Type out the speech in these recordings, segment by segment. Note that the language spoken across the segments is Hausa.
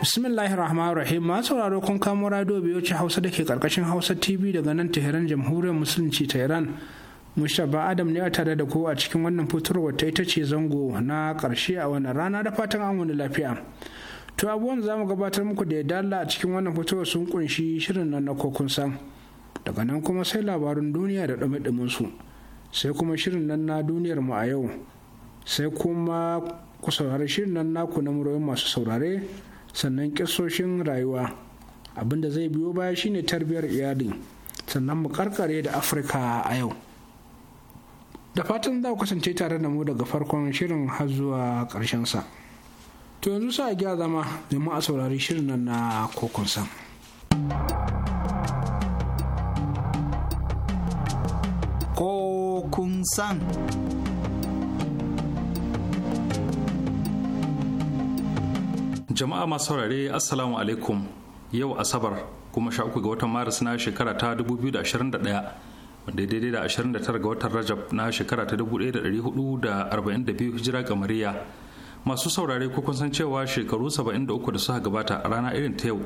bismillahi rahman rahim ma sauraro kun kamo radio biyu hausa da ke karkashin hausa tv daga nan tehran jamhuriyar musulunci ta iran mushaba adam ne a tare da ko a cikin wannan fitarwar ta ita ce zango na karshe a wannan rana da fatan an wani lafiya to abubuwan za mu gabatar muku da ya dala a cikin wannan fitarwar sun kunshi shirin nan na kokun san daga nan kuma sai labarun duniya da dumi su sai kuma shirin nan na duniyar mu a yau sai kuma ku saurari shirin nan naku na muryoyin masu saurare sannan kisoshin rayuwa abinda zai biyo baya shine tarbiyar iyali sannan mu karkare da afirka a yau da fatan za ku kasance tare da mu daga farkon shirin har zuwa ƙarshen sa to yanzu sa gya zama domin a saurari shirin nan na kokon sa kokun san jama'a masu saurare assalamu alaikum yau asabar kuma sha uku ga watan maris na shekara ta 2021 wanda daidai da 29 ga watan rajab na shekara ta 1442 hijira kamariya masu saurare ko san cewa shekaru 73 da suka gabata a rana irin ta yau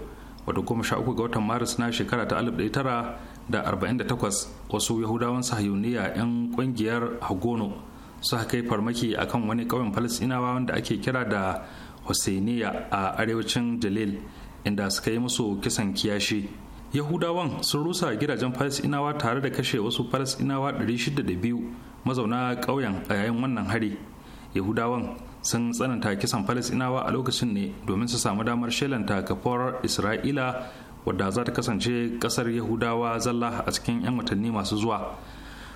wadda kuma sha uku ga watan maris na shekara ta 1948 wasu yahudawan sahiyuniya 'yan kungiyar hagono suka kai farmaki akan wani ƙauyen falasinawa wanda ake kira da hussainiya a arewacin jalil inda suka yi musu kisan kiyashi yahudawan sun rusa gidajen falasinawa tare da kashe wasu falasinawa 602 mazauna ƙauyen a yayin wannan hari yahudawan sun tsananta kisan falasinawa a lokacin ne domin su samu damar shelanta kafuwar isra'ila wadda za ta kasance ƙasar yahudawa zalla a cikin 'yan watanni masu zuwa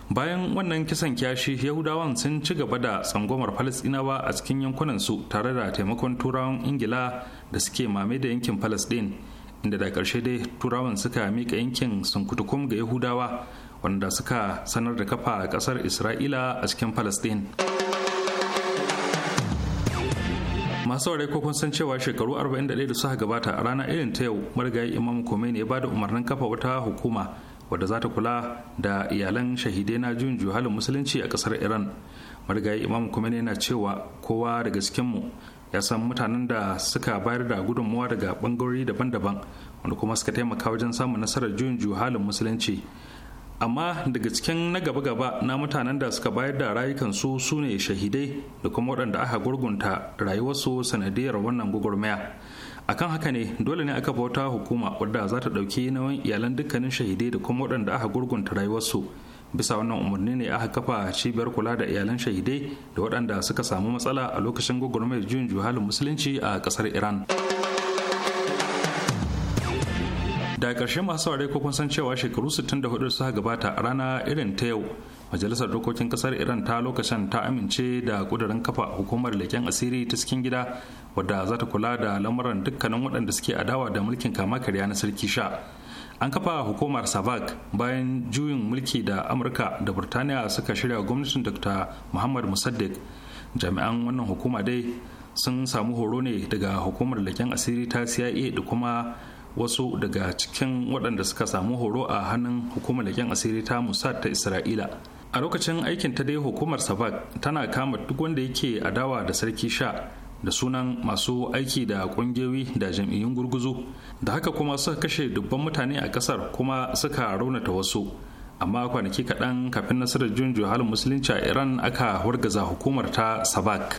bayan wannan kisan kyashi yahudawan sun ci gaba da tsangwamar falastinawa a cikin yankunan su tare da taimakon turawan ingila da suke mame da yankin falasɗin inda da karshe dai turawan suka mika yankin sunkutukum ga yahudawa wanda suka sanar da kafa a kasar isra'ila a cikin falasɗin masu ware ko san cewa shekaru 41 da suka gabata a rana irin ta yau marigayi imam ne ya da umarnin kafa wata hukuma wadda za ta kula da iyalan shahidai na juyin juhalin musulunci a kasar iran marigayi imam kuma na cewa kowa daga cikinmu ya san mutanen da suka bayar da gudunmuwa daga bangarori daban-daban wanda kuma suka taimaka wajen samun nasarar juyin juhalin musulunci amma daga cikin na gaba-gaba na mutanen da suka bayar da rayukansu su ne shahidai da kuma waɗanda aka gurgunta rayuwarsu sanadiyar wannan gugurmaya akan haka ne dole ne aka bauta hukuma wadda za ta ɗauki nauyin iyalan dukkanin shahidai da kuma waɗanda aka gurgunta rayuwarsu bisa wannan umarni ne aka kafa cibiyar kula da iyalan shahidai da waɗanda suka samu matsala a lokacin gwagwarmayar juyin juhalin musulunci a kasar iran da ƙarshe masu saurare ko kun san cewa shekaru 64 suka gabata a rana irin ta yau majalisar dokokin kasar iran ta lokacin ta amince da kudurin kafa hukumar leken asiri ta cikin gida wadda za ta kula da lamuran dukkanin waɗanda suke adawa da mulkin kama karya na sarki sha an kafa hukumar savak bayan juyin mulki da amurka da burtaniya suka shirya gwamnatin dr muhammad musaddiq jami'an wannan hukuma dai sun samu horo ne daga hukumar leken asiri ta cia da kuma wasu daga cikin waɗanda suka samu horo a hannun hukumar leken asiri ta musad ta isra'ila a lokacin aikin ta dai hukumar savak tana kama duk wanda yake adawa da sarki sha da sunan masu aiki da kungiyoyi da jam'iyyun gurguzu da haka kuma suka kashe dubban mutane a kasar kuma suka raunata wasu amma kwanaki kaɗan kafin nasarar junju halin musulunci a iran aka wargaza hukumar ta sabak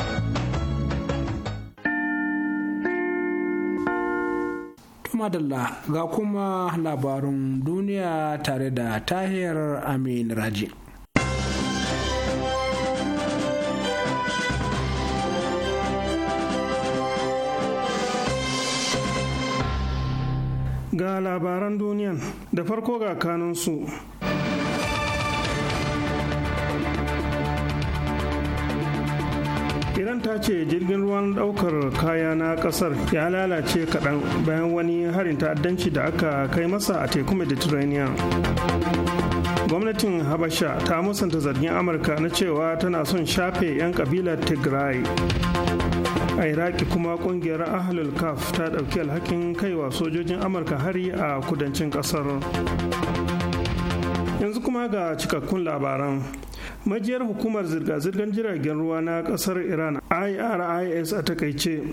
madalla ga kuma labarin duniya tare da tahir amin raji ga labaran duniyan da farko ga kanunsu iran ta ce jirgin ruwan daukar kaya na kasar ya lalace kaɗan bayan wani harin ta'addanci da aka kai masa a teku mediterranean gwamnatin habasha ta musanta zargin amurka na cewa tana son shafe 'yan kabilar tigray a iraki kuma kungiyar ahlul kaf ta ɗauki alhakin kaiwa sojojin amurka hari a kudancin ƙasar yanzu kuma ga cikakkun labaran majiyar hukumar zirga-zirgar jiragen ruwa na kasar iran iris a takaice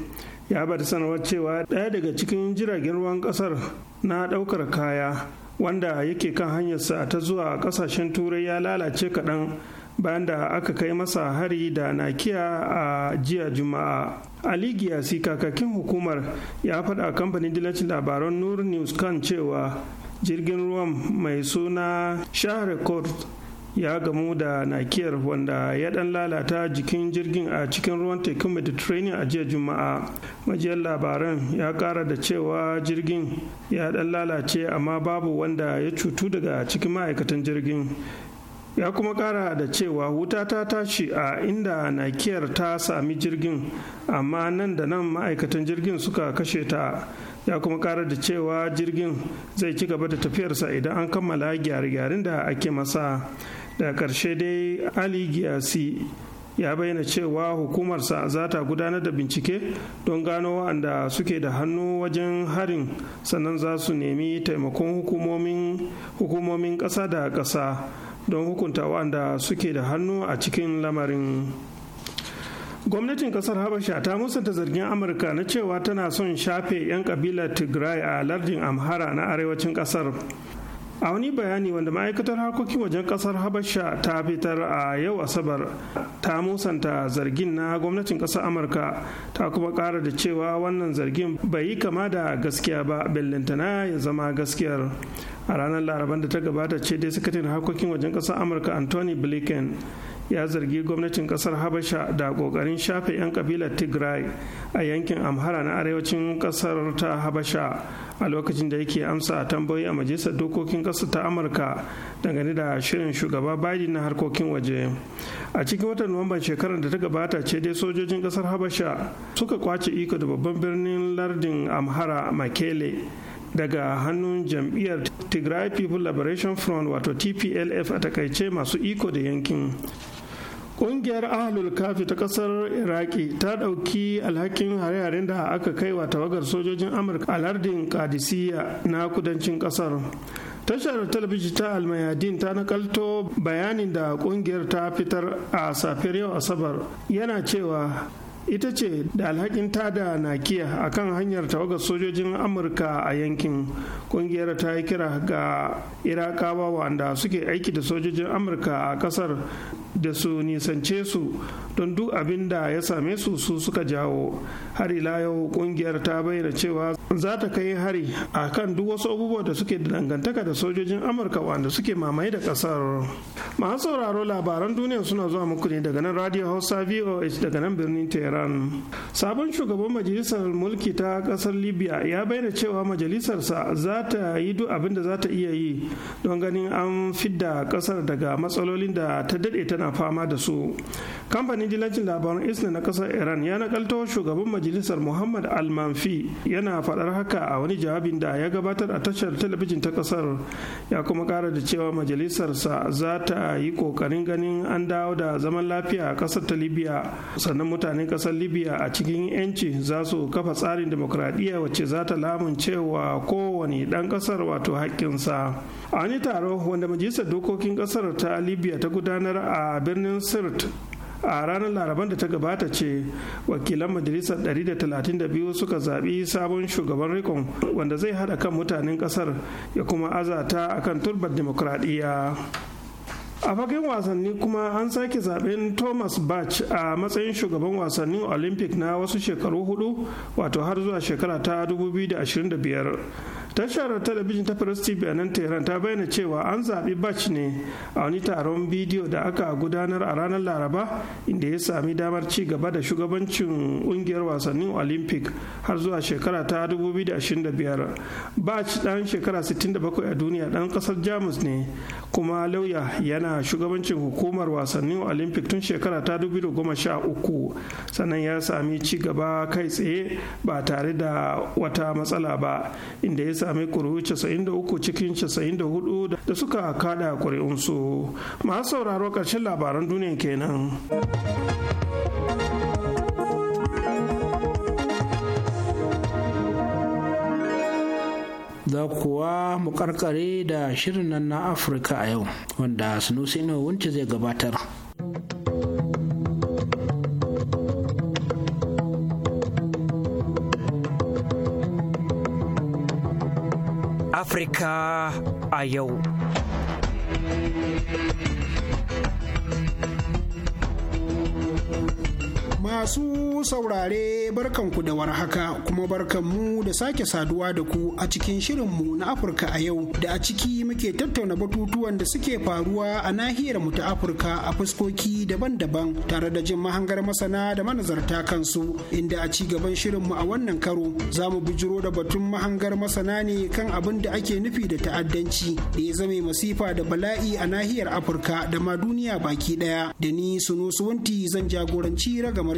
ya bada sanarwar cewa ɗaya daga cikin jiragen ruwan kasar na ɗaukar kaya wanda yake kan hanyarsa ta zuwa ƙasashen turai ya lalace kaɗan bayan da aka kai masa hari da nakiya a jiya juma'a ali giyasi kakakin hukumar ya faɗa kamfanin dilacin labaran nur news kan cewa jirgin ruwan mai suna shahar court ya gamu da nakiyar wanda ya dan lalata jikin jirgin a cikin ruwan tekun mediterranean a jiya juma'a majiyar labaran ya kara da cewa jirgin ya dan lalace amma babu wanda ya cutu daga cikin ma'aikatan jirgin ya kuma kara da cewa wuta ta tashi a inda nakiyar ta sami jirgin amma nan da nan ma'aikatan jirgin suka kashe ta ya kuma kara da cewa jirgin zai ci gaba da tafiyarsa idan an kammala gyare-gyaren da ake masa da ƙarshe dai ali giyasi ya bayyana cewa hukumarsa za ta gudanar da bincike don gano waɗanda suke da hannu wajen harin sannan za su nemi taimakon hukumomin ƙasa da ƙasa don hukunta waɗanda suke da hannu a cikin lamarin gwamnatin kasar habasha ta musanta zargin amurka na cewa tana son shafe 'yan kabilar tigray a lardin amhara na arewacin kasar a wani bayani wanda ma'aikatar harkokin wajen kasar habasha ta fitar a yau asabar ta musanta zargin na gwamnatin kasar amurka ta kuma kara da cewa wannan zargin bai yi kama da gaskiya ba bellintana ya zama gaskiyar a ranar laraban da ta gabata ce dai sakatin harkokin wajen kasar amurka anthony blinken ya zargi gwamnatin kasar habasha da kokarin shafe 'yan kabilar tigray a yankin amhara na arewacin kasar ta habasha a lokacin da yake amsa a tambayoyi a majalisar dokokin kasar ta amurka dangane da shirin shugaba biden na harkokin waje a cikin watan nuwamban shekarar da ta gabata ce dai sojojin kasar habasha suka kwace iko da babban birnin lardin amhara makele daga hannun jam'iyyar tigray people liberation front wato tplf a takaice masu iko da yankin Ƙungiyar Ahlul Kafi ta ƙasar Iraki ta ɗauki alhakin hare-haren da aka kai wa tawagar sojojin Amurka a lardin Kadisiya na kudancin ƙasar. Tashar talabijin ta Almayadin ta nakalto bayanin da ƙungiyar ta fitar a safiyar yau Asabar yana cewa ita ce da alhakin tada nakiya a kan hanyar tawaga sojojin amurka a yankin kungiyar ta yi kira ga irakawa wanda suke aiki da sojojin amurka a kasar da su nisance su don duk abin da ya same su su suka jawo har ila yau kungiyar ta bayyana cewa za ta kai hari a kan duk wasu abubuwa da suke da dangantaka da sojojin amurka wanda suke mamaye da kasar masu sauraro labaran duniya suna zuwa muku ne daga nan radio hausa voh daga nan birnin Tera. iran sabon shugaban majalisar mulki ta kasar libya ya bayyana cewa majalisarsa za ta yi duk abin da za ta iya yi don ganin an fidda kasar daga matsalolin da ta daɗe tana fama da su kamfanin dilancin labaran isna na kasar iran ya nakalto shugaban majalisar muhammad almanfi yana faɗar haka a wani jawabin da ya gabatar a tashar talabijin ta kasar ya kuma kara da cewa majalisarsa za ta yi kokarin ganin an dawo da zaman lafiya a kasar ta libya sannan mutanen kasar kasar libya a cikin 'yanci za su kafa tsarin demokradiyya wacce za ta lamun cewa kowane dan kasar wato haƙƙinsa a wani taro wanda majalisar dokokin ƙasar ta libya ta gudanar a birnin sirt a ranar laraban da ta gabata ce wakilan majalisar 132 suka zaɓi sabon shugaban rikon wanda zai haɗa kan mutanen ƙasar ya kuma azata akan turbar demokradiyya. a fagen wasanni kuma an sake zaben thomas bach a matsayin shugaban wasannin olympic na wasu shekaru hudu wato har zuwa shekara ta 2025 tashar talabijin ta firasti TV a nan Tehran ta bayyana cewa an zaɓi Bach ne a wani taron bidiyo da aka gudanar a ranar Laraba inda ya sami damar ci gaba da shugabancin ƙungiyar wasannin Olympic har zuwa shekara ta 2025. Bach ɗan shekara 67 a duniya ɗan ƙasar Jamus ne kuma lauya yana shugabancin hukumar wasannin Olympic tun shekara ta 2013 sannan ya sami ci gaba kai tsaye ba tare da wata matsala ba inda ya sami kuri'u 93 cikin 94 da suka kada kuri'unsu masu sauraro karshen labaran duniya kenan. za kuwa mu karkare da shirin nan na afirka a yau wanda sunusi wunce zai gabatar Afirka a yau. Masu saurare barkanku da warhaka kuma barkanmu da sake saduwa da ku a cikin shirinmu na Afirka a yau da a ciki muke tattauna batutuwan da suke faruwa a nahiyar mu ta Afirka a fuskoki daban-daban tare da jin mahangar masana da manazarta kansu inda a ci gaban shirinmu a wannan karo za mu bijiro da batun mahangar masana ne kan abin da ake nufi da ta'addanci da ya zame masifa da bala'i a nahiyar Afirka da ma duniya baki daya da ni Sunusuwanti zan jagoranci ragamar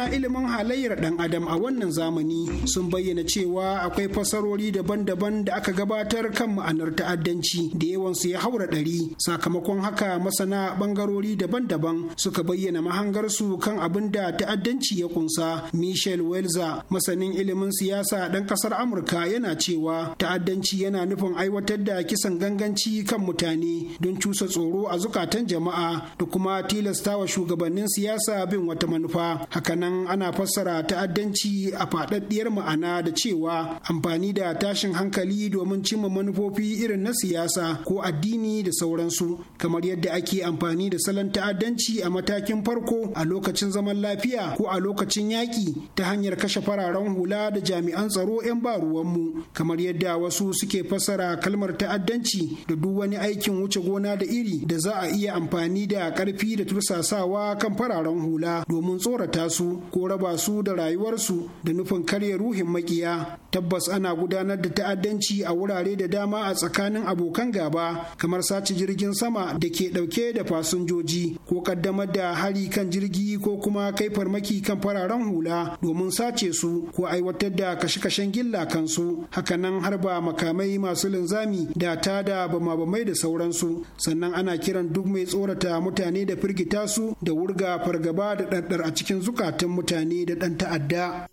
masana ilimin halayyar ɗan adam a wannan zamani sun bayyana cewa akwai fasarori daban-daban da aka gabatar kan ma'anar ta'addanci da yawansu ya haura ɗari sakamakon haka masana bangarori daban-daban suka bayyana mahangarsu kan abin da ta'addanci ya kunsa michel welza masanin ilimin siyasa ɗan ƙasar amurka yana cewa ta'addanci yana nufin aiwatar da kisan ganganci kan mutane don cusa tsoro a zukatan jama'a da kuma tilastawa shugabannin siyasa bin wata manufa hakanan nan ana fassara ta'addanci a faɗaɗɗiyar ma'ana da cewa amfani da tashin hankali domin cimma manufofi irin na siyasa ko addini da sauransu kamar yadda ake amfani da salon ta'addanci a matakin farko a lokacin zaman lafiya ko a lokacin yaƙi ta hanyar kashe fararen hula da jami'an tsaro 'yan ba ruwanmu kamar yadda wasu suke fassara kalmar ta'addanci da duk wani aikin wuce gona da iri da za a iya amfani da ƙarfi da tursasawa kan fararen hula domin tsorata su ko raba su da rayuwarsu da nufin karya ruhin makiya tabbas ana gudanar da ta'addanci a wurare da dama a tsakanin abokan gaba kamar sace jirgin sama da ke dauke da fasinjoji ko kaddamar da hari kan jirgi ko kuma kai farmaki kan fararen hula domin sace su ko aiwatar da kashe-kashen gilla kansu hakanan harba makamai masu linzami da tada bama-bamai da sauransu sannan ana kiran duk mai tsorata mutane da firgita su da wurga fargaba da ɗarɗar a cikin zukata zukatan mutane da ɗan ta'adda.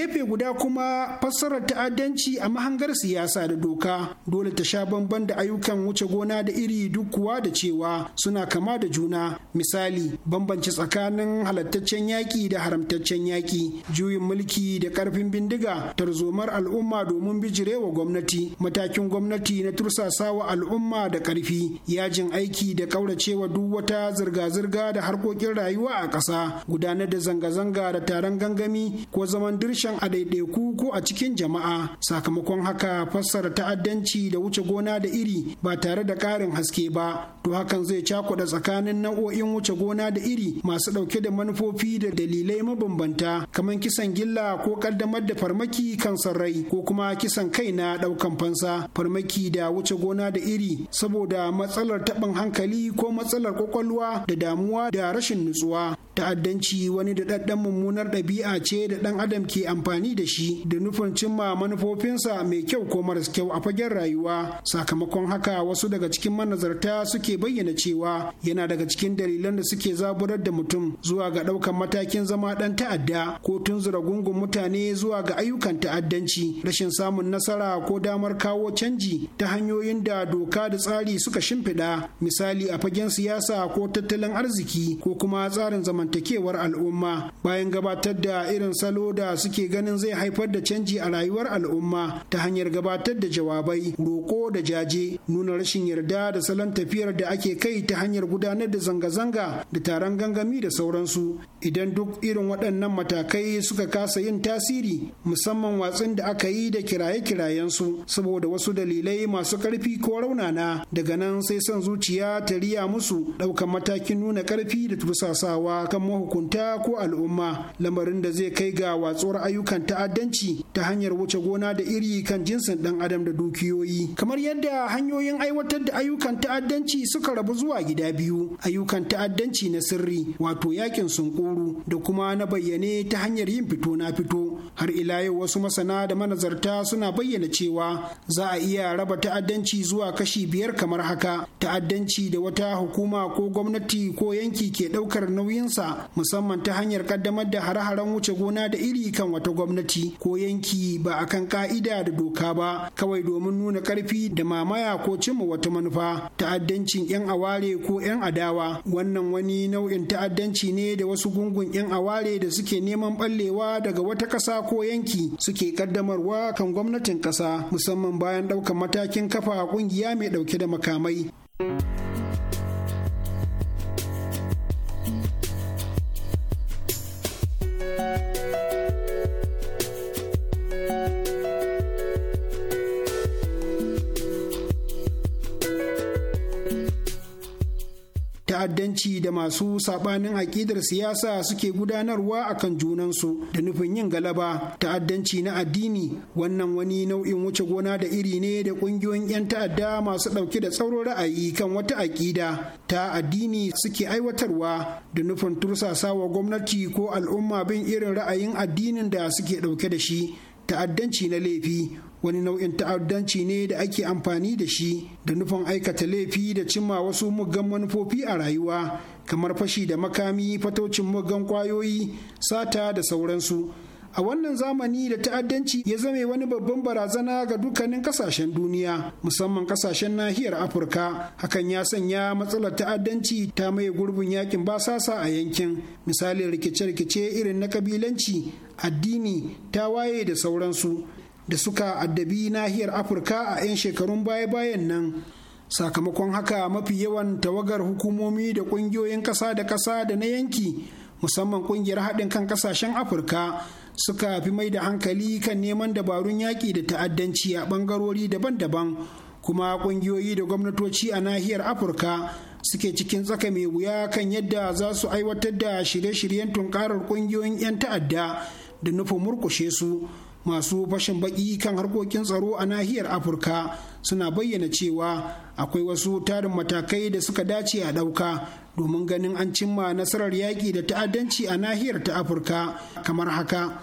gefe guda kuma fassarar ta'addanci a mahangar siyasa da doka dole ta sha bamban da ayyukan wuce gona da iri duk kuwa da cewa suna kama da juna misali bambanci tsakanin halattaccen yaƙi da haramtaccen yaƙi juyin mulki da ƙarfin bindiga tarzomar al'umma domin bijirewa gwamnati matakin gwamnati na tursasawa al'umma da ƙarfi yajin aiki da ƙauracewa duk wata zirga-zirga da harkokin rayuwa a ƙasa gudanar da zanga-zanga da taron gangami ko zaman dirshan. ta'addancin a ɗaiɗaiku ko a cikin jama'a sakamakon haka fassara ta'addanci da wuce gona da iri ba tare da ƙarin haske ba to hakan zai cakuɗa tsakanin nau'o'in wuce gona da iri masu ɗauke da manufofi da dalilai mabambanta kamar kisan gilla ko ƙaddamar da farmaki kan sarrai ko kuma kisan kai na ɗaukan fansa farmaki da wuce gona da iri saboda matsalar taɓin hankali ko matsalar ƙwaƙwalwa da damuwa da rashin nutsuwa ta'addanci wani da ɗaɗɗan mummunar ɗabi'a ce da ɗan adam ke amfani da shi da nufin cimma manufofinsa mai kyau ko maras kyau a fagen rayuwa sakamakon haka wasu daga cikin manazarta suke bayyana cewa yana daga cikin dalilan da suke zaburar da mutum zuwa ga ɗaukan matakin zama ɗan ta'adda ko tunzura gungun mutane zuwa ga ayyukan ta'addanci rashin samun nasara ko damar kawo canji ta hanyoyin da doka da tsari suka shimfiɗa misali a fagen siyasa ko tattalin arziki ko kuma tsarin zama zamantakewar al'umma bayan gabatar da irin salo da suke ganin zai haifar da canji a rayuwar al'umma ta hanyar gabatar da jawabai roko da jaje nuna rashin yarda da salon tafiyar da ake kai ta hanyar gudanar da zanga-zanga da taron gangami da sauransu idan duk irin waɗannan matakai suka kasa yin tasiri musamman watsin da aka yi da kiraye-kirayensu saboda wasu dalilai masu ƙarfi ko raunana daga nan sai son zuciya ta riya musu ɗaukan matakin nuna ƙarfi da tursasawa akan mahukunta ko al'umma lamarin da zai kai ga watsuwar ayyukan ta'addanci ta hanyar wuce gona da iri kan jinsin ɗan adam da dukiyoyi kamar yadda hanyoyin aiwatar da ayyukan ta'addanci suka rabu zuwa gida biyu ayyukan ta'addanci na sirri wato yakin sunkuru da kuma na bayyane ta hanyar yin fito na fito har ila yau wasu masana da manazarta suna bayyana cewa za a iya raba ta'addanci zuwa kashi biyar kamar haka ta'addanci da wata hukuma ko gwamnati ko yanki ke ɗaukar nauyinsa ƙasa musamman ta hanyar kaddamar da hare-haren wuce gona da iri kan wata gwamnati ko yanki ba a kan ka'ida da doka ba kawai domin nuna ƙarfi da mamaya ko cimma wata manufa ta'addancin 'yan aware ko 'yan adawa wannan wani nau'in ta'addanci ne da wasu gungun 'yan aware da suke neman ɓallewa daga wata ƙasa ko yanki suke kaddamarwa kan gwamnatin ƙasa musamman bayan ɗaukar matakin kafa ƙungiya mai ɗauke da makamai. ta'addanci da masu sabanin aƙidar siyasa suke gudanarwa a kan junansu da nufin yin galaba ta'addanci na addini wannan wani nau'in wuce gona da iri ne da ƙungiyoyin 'yan ta'adda masu ɗauke da tsauro ra'ayi kan wata aƙida ta addini suke aiwatarwa da nufin tursasawa gwamnati ko al'umma bin irin ra'ayin addinin da suke ɗauke da shi ta'addanci na laifi wani nau'in ta'addanci ne da ake amfani da shi da nufin aikata laifi da cimma wasu muggan manufofi a rayuwa kamar fashi da makami fatocin muggan kwayoyi sata da sauransu a wannan zamani da ta'addanci ya zame wani babban barazana ga dukkanin kasashen duniya musamman kasashen nahiyar afirka hakan ya sanya matsalar ta'addanci ta maye gurbin yakin basasa a yankin misali rikice-rikice irin na kabilanci addini ta waye da sauransu da suka addabi nahiyar afirka a 'yan shekarun baya-bayan nan sakamakon haka mafi yawan tawagar hukumomi da ƙungiyoyin ƙasa da ƙasa da na yanki musamman ƙungiyar haɗin kan ƙasashen afirka suka fi mai da hankali kan neman dabarun yaƙi da ta'addanci a ɓangarori daban-daban kuma kungiyoyi da gwamnatoci a nahiyar afirka suke cikin tsaka mai wuya kan yadda za su aiwatar da shirye-shiryen tunkarar kungiyoyin 'yan ta'adda da nufin murkushe su masu fashin baki kan harkokin tsaro a nahiyar afirka suna bayyana cewa akwai wasu tarin matakai da suka dace a ɗauka domin ganin an cimma nasarar yaƙi da ta'addanci a nahiyar ta afirka kamar haka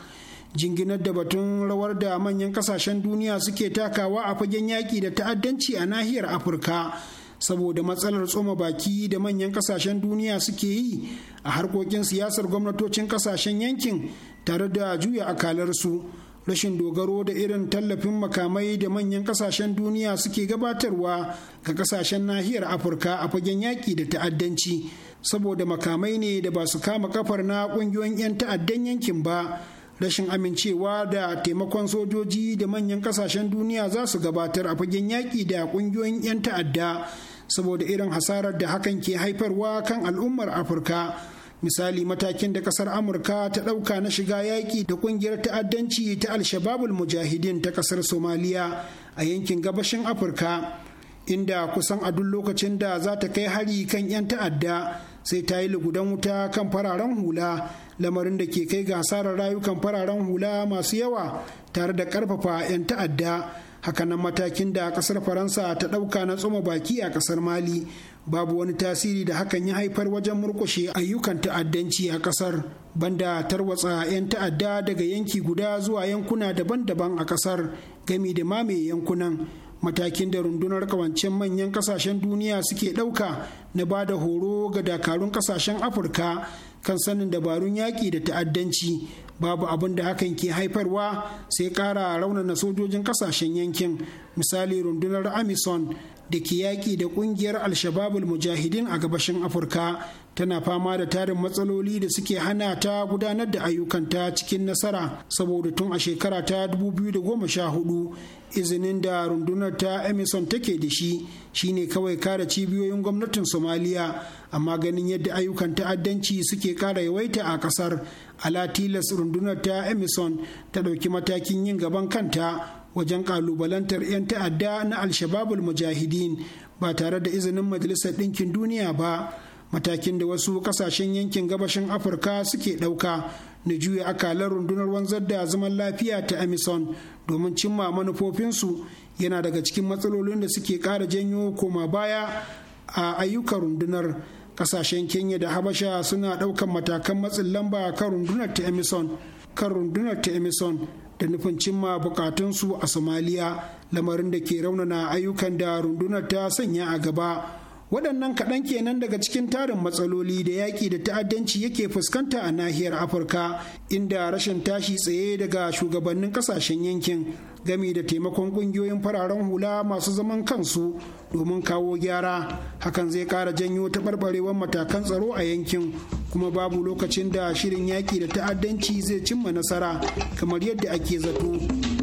jinginar da batun rawar da manyan kasashen duniya suke takawa a fagen yaƙi da ta'addanci a nahiyar afirka saboda matsalar tsoma baki da manyan kasashen duniya suke yi a harkokin siyasar gwamnatocin kasashen yankin tare da juya akalarsu rashin dogaro da irin tallafin makamai da manyan kasashen duniya suke gabatarwa ga kasashen nahiyar afirka a fagen yaƙi da ta'addanci saboda makamai ne da ba su kama kafar na ƙungiyoyin 'yan ta'addan yankin ba rashin amincewa da taimakon sojoji da manyan kasashen duniya za su gabatar a fagen yaƙi da ƙungiyoyin 'yan ta'adda saboda irin hasarar da hakan ke haifarwa kan al'ummar afirka misali matakin da kasar amurka ta ɗauka na shiga yaƙi da ƙungiyar ta'addanci ta alshababul mujahidin ta kasar somaliya a yankin gabashin afirka inda kusan a duk lokacin da za ta kai hari kan 'yan ta'adda sai ta yi lugudan wuta kan fararen hula lamarin da ke kai ga hasarar rayukan fararen hula masu yawa tare da karfafa 'yan ta'adda hakanan matakin da kasar faransa ta ɗauka na tsoma baki a kasar mali babu wani tasiri da hakan ya haifar wajen murkushe ayyukan ta'addanci a kasar banda tarwatsa 'yan ta'adda daga yanki guda zuwa yankuna daban-daban a kasar gami da mamaye yankunan matakin da rundunar kawancen manyan kasashen duniya suke ɗauka na ba da horo ga dakarun kasashen afirka kan sanin dabarun yaƙi da ta'addanci babu abin da hakan ke haifarwa sai ƙara raunana sojojin kasashen yankin misali rundunar amison da ke yaƙi da ƙungiyar alshababul mujahidin a gabashin afirka tana fama da tarin matsaloli da suke hana ta gudanar da ayyukanta cikin nasara saboda tun a shekara ta 2014 izinin da rundunar ta emerson take da shi shine kawai kare cibiyoyin gwamnatin somaliya amma ganin yadda ayyukan ta'addanci suke ƙara yawaita a kasar ala tilas rundunar ta emerson ta ɗauki matakin yin gaban kanta wajen kalubalantar 'yan ta'adda na alshababul mujahideen ba tare da izinin majalisar ɗinkin duniya ba matakin da wasu kasashen yankin gabashin afirka suke ɗauka na juya akalar rundunar wanzar da zaman lafiya ta amison domin cimma manufofinsu yana daga cikin matsalolin da suke ƙara janyo koma baya a ayyukan rundunar kasashen kenya da habasha suna ɗaukan matakan matsin lamba kan rundunar ta amison kan rundunar ta amison da nufin cimma bukatunsu a somaliya lamarin da ke raunana ayyukan da rundunar ta sanya a gaba waɗannan kaɗan kenan daga cikin tarin matsaloli da yaƙi da ta'addanci yake fuskanta a nahiyar afirka inda rashin tashi tsaye daga shugabannin ƙasashen yankin gami da taimakon ƙungiyoyin fararen hula masu zaman kansu domin kawo gyara hakan zai ƙara janyo taɓarɓarewar matakan tsaro a yankin kuma babu lokacin da shirin yaƙi da ta'addanci zai cimma nasara kamar yadda ake zato.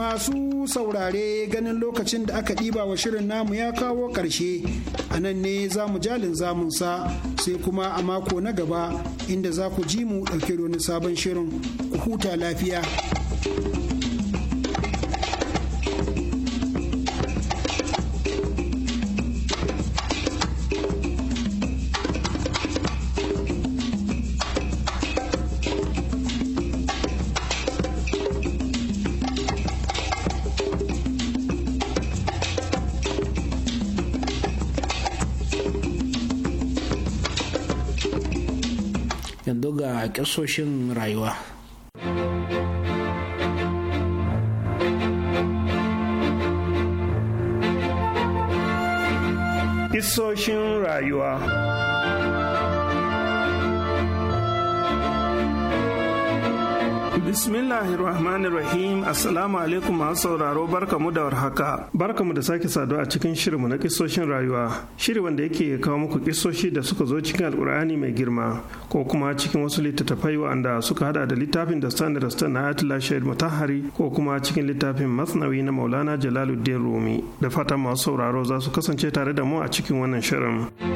Masu saurare ganin lokacin da aka ɗiba wa shirin namu ya kawo ƙarshe, a nan ne za mu jalin zamunsa sai kuma a mako na gaba inda za ku ji mu ɗauke wani sabon shirin ku huta lafiya. a ƙasoshin rayuwa. Isoshin rayuwa Bismillahirrahmanirrahim Assalamu alaikum masu sauraro barkamu da warhaka. Barkamu da sake saduwa a cikin shirinmu na kisoshin rayuwa. Shiri wanda yake kawo muku kisoshi da suka zo cikin Alkur'ani mai girma ko kuma cikin wasu littattafai wanda suka hada da littafin da Stan da Stan na Atila Shahid Mutahari ko kuma cikin littafin Masnawi na Maulana Jalaluddin Rumi. Da fatan masu sauraro za su kasance tare da mu a cikin wannan shirin.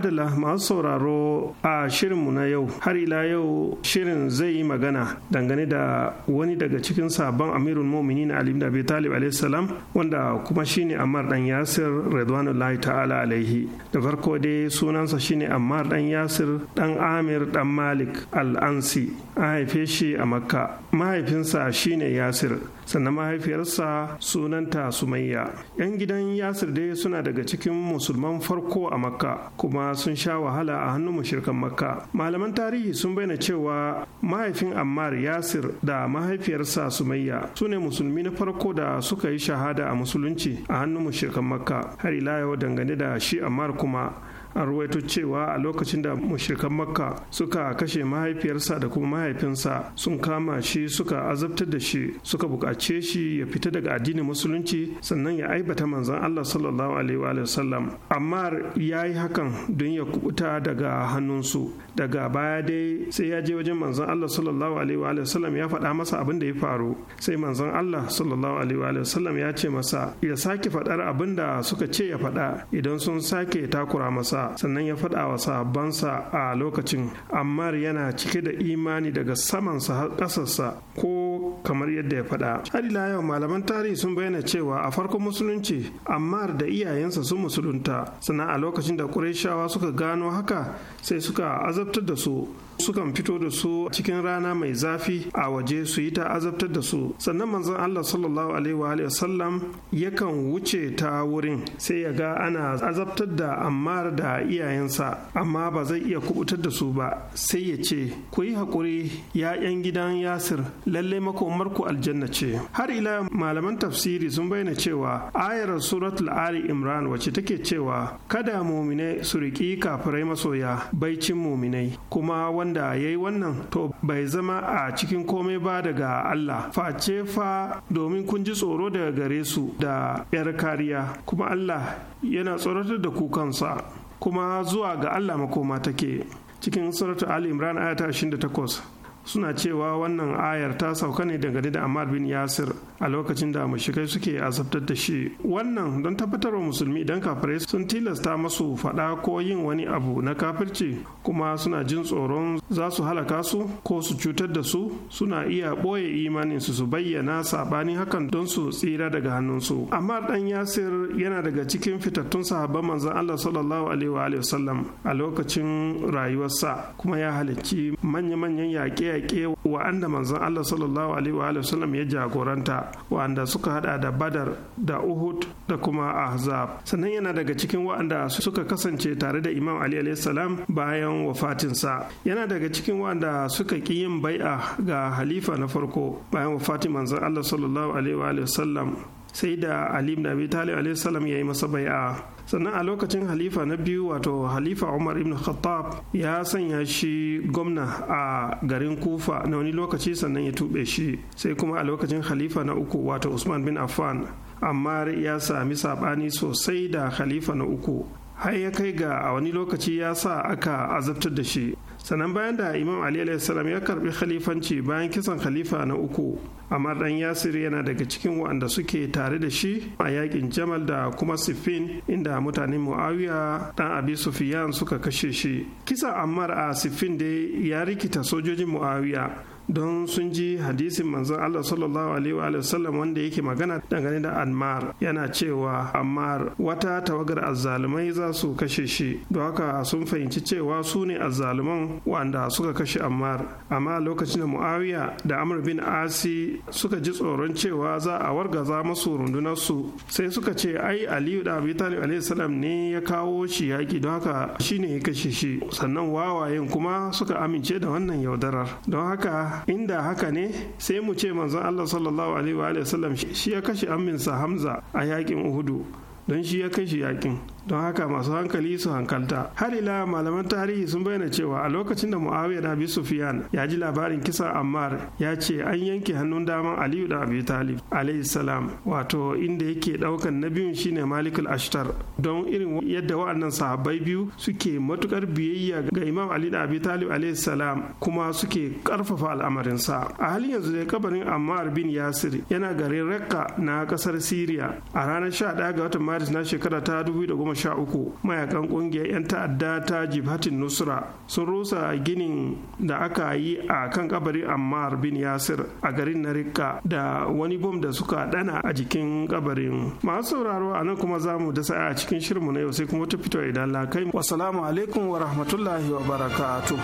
madala masu sauraro a shirinmu na yau har ila yau shirin zai yi magana dangane da wani daga cikin sabon amirul mominin ali da bai talib salam wanda kuma shine ammar dan yasir redwanullahi ta'ala alaihi da farko dai sunansa shine ammar dan yasir dan amir dan malik al-ansi an haife shi a makka mahaifinsa shine yasir sannan mahaifiyarsa sunanta sumayya yan gidan yasir dai suna daga cikin musulman farko a makka kuma sun sha wahala a hannun mashirkan makka malaman tarihi sun bayyana cewa mahaifin ammar yasir da mahaifiyarsa sumayya su ne musulmi na farko da suka yi shahada a musulunci a hannun mashirkan makka har ila yau dangane da shi ammar kuma an ruwaito cewa a lokacin da mushrikan makka suka kashe mahaifiyarsa da kuma mahaifinsa sun kama shi suka azabtar da shi suka buƙace shi ya fita daga addinin musulunci sannan ya aibata manzon Allah sallallahu alaihi wa sallam amma ya yi hakan don ya kubuta daga hannunsu daga baya dai sai ya je wajen manzon Allah sallallahu alaihi wa sallam ya faɗa masa abin da ya faru sai manzon Allah sallallahu alaihi wa sallam ya ce masa ya sake faɗar abin da suka ce ya faɗa idan sun sake takura masa sa sannan ya faɗa wa sahabbansa a lokacin ammar yana cike da imani daga samansa har ƙasarsa ko kamar yadda ya faɗa har ila yau malaman tarihi sun bayyana cewa a farkon musulunci ammar da iyayensa sun musulunta sannan a lokacin da ƙurayshawa suka gano haka sai suka azabtar da su sukan fito da su cikin rana mai zafi a waje su yi ta azabtar da su sannan manzon Allah sallallahu alaihi wa sallam yakan wuce ta wurin sai ya ga ana azabtar da Ammar da iyayensa amma ba zai iya kubutar da su ba sai ya ce ku yi hakuri ya ya'yan gidan Yasir lalle makomarku aljanna ce har ila malaman tafsiri sun bayyana cewa ayar suratul Ali Imran wacce take cewa kada muminai su riƙi kafirai masoya baicin muminai kuma wani wanda ya yi wannan to bai zama a cikin komai ba daga Allah face fa domin kun ji tsoro daga gare su da yar kariya kuma Allah yana tsoratar da kukansa. kuma zuwa ga Allah makoma take cikin suratu Ali Imran aya ta 28 suna cewa wannan ayar ta sauka ne dangane da Ammar bin Yasir a lokacin da mushrikai suke azabtar da shi wannan don tabbatar wa musulmi idan kafirai sun tilasta masu faɗa ko yin wani abu na kafirci kuma suna jin tsoron za su halaka su ko su cutar da su suna iya ɓoye imanin su su bayyana saɓanin hakan don su tsira daga hannunsu amma dan yasir yana daga cikin fitattun sahabban manzon Allah sallallahu alaihi wa sallam a lokacin rayuwarsa kuma ya halicci manya-manyan yaƙe yaƙe wa'anda manzon Allah sallallahu alaihi wa sallam ya jagoranta wa'anda suka hada da Badar da Uhud da kuma Ahzab sannan yana daga cikin wa'anda suka kasance tare da Imam Ali alaihi salam bayan wafatinsa yana daga cikin wa'anda suka ƙi yin bai'a ga halifa na farko bayan wafatin manzon Allah sallallahu alaihi wa sallam sai da Ali ibn Abi Talib alaihi salam yayi masa bai'a sannan a lokacin halifa na biyu wato halifa umar ibn khattab ya sanya shi gwamna a garin kufa na wani lokaci sannan ya tuɓe shi sai kuma a lokacin halifa na uku wato usman bin affan amma ya sami saɓani sosai da halifa na uku har ya kai ga a wani lokaci ya sa aka azabtar da shi sannan bayan da imam ali salam ya karbi khalifanci bayan kisan khalifa na uku amma dan yasir yana daga cikin waɗanda suke tare da shi a yakin jamal da kuma siffin inda mutanen muawiya dan abi sufiyan suka kashe shi kisa ammar a siffin dai ya rikita sojojin muawiya don sun ji hadisin manzon Allah sallallahu alaihi wa sallam wanda yake magana dangane da Ammar yana cewa Ammar wata tawagar azzalumai za su kashe shi don haka sun fahimci cewa su ne azzaluman wanda suka kashe Ammar amma lokacin da Muawiya da Amr bin Asi suka ji tsoron cewa za a wargaza masu rundunar su sai suka ce ai Aliyu da Abi Talib alaihi salam ne ya kawo shi yaki don haka shine ya kashe shi sannan wawayen kuma suka amince da wannan yaudarar don haka inda haka ne sai mu ce manzon Allah sallallahu alaihi wa sallam shi ya kashe aminsa Hamza a yakin Uhudu don shi ya kashe yakin don haka masu hankali su hankalta har ila malaman tarihi sun bayyana cewa a lokacin da muawiya da abi sufyan ya ji labarin kisa ammar ya ce an yanke hannun daman aliyu da abi talib alayhi salam wato inda yake daukan na biyun shine malikul ashtar don irin yadda waɗannan sahabbai biyu suke matukar biyayya ga imam ali da abi talib alayhi salam kuma suke karfafa al'amarinsa a halin yanzu dai kabarin ammar bin yasir yana garin rakka na kasar syria a ranar 11 ga watan maris na shekara ta 2010 goma sha uku mayakan kungiyar 'yan ta'adda ta jibhatin nusra sun rusa ginin da aka yi a kan kabarin ammar bin yasir a garin narika da wani bom da suka dana a jikin kabarin masu sauraro a nan kuma za mu da sa'a a cikin shirinmu na yau sai kuma ta fito idan lakai wasalamu alaikum wa rahmatullahi wa barakatuh